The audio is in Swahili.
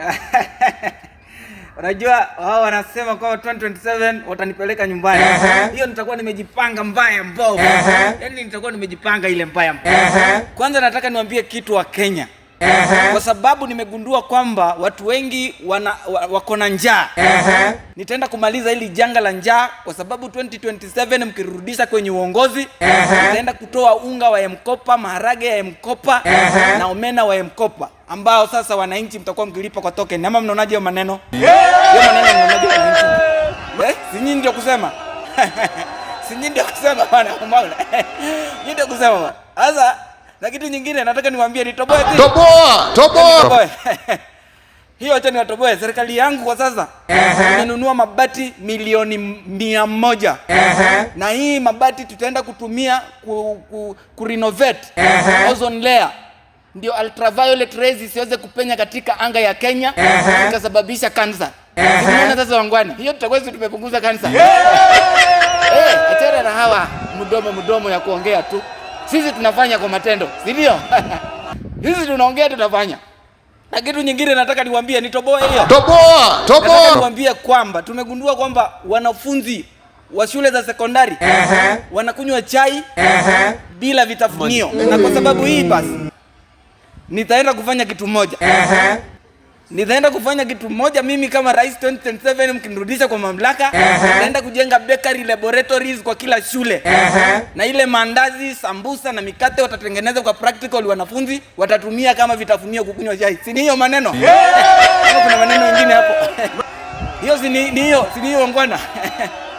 Unajua wao wanasema kwa 2027 watanipeleka nyumbani. Hiyo uh -huh. Nitakuwa nimejipanga mbaya mbovu. Uh -huh. Yaani nitakuwa nimejipanga ile mbaya mbovu. Uh -huh. Kwanza nataka niwaambie kitu wa Kenya uh -huh. kwa sababu nimegundua kwamba watu wengi wana, wako na njaa uh -huh. nitaenda kumaliza hili janga la njaa kwa sababu 2027 mkirudisha kwenye uongozi uh -huh. nitaenda kutoa unga wa Mkopa, maharage ya Mkopa uh -huh. na omena wa Mkopa ambao sasa wananchi mtakuwa mkilipa kwa token. Ama mnaonaje hayo maneno? yeah! maneno mnaonaje Eh, si ndio kusema si ndio kusema bwana, ndio kusema sasa na kitu nyingine nataka niwaambie nitoboe tu. Toboa, toboa. Yaani Hiyo acha niatoboe. serikali yangu kwa sasa. Imenunua mabati milioni mia moja. Na hii mabati tutaenda kutumia ku, ku, ku renovate ozone layer ndio ultraviolet rays isiweze kupenya katika anga ya Kenya ikasababisha kansa. Unaona sasa wangwani? Hiyo tutakuwa tumepunguza kansa. Eh, achana na hawa mdomo mdomo ya kuongea tu. Sisi tunafanya kwa matendo, si ndio? Sisi tunaongea, tunafanya. Na kitu nyingine nataka niwaambie, nitoboe hiyo. Toboa, toboa. Nataka niwaambie kwamba tumegundua kwamba wanafunzi wa shule za sekondari uh -huh. wanakunywa chai uh -huh. bila vitafunio mm. na kwa sababu hii basi nitaenda kufanya kitu moja uh -huh nitaenda kufanya kitu moja mimi kama rais 2027 mkinirudisha kwa mamlaka uh -huh. Nitaenda kujenga bakery laboratories kwa kila shule uh -huh. Na ile mandazi, sambusa na mikate watatengeneza kwa practical, wanafunzi watatumia kama vitafunio kukunywa chai. Si ni hiyo maneno? Yeah. Kuna maneno mengine hapo hiyo si ni hiyo, si ni hiyo ngwana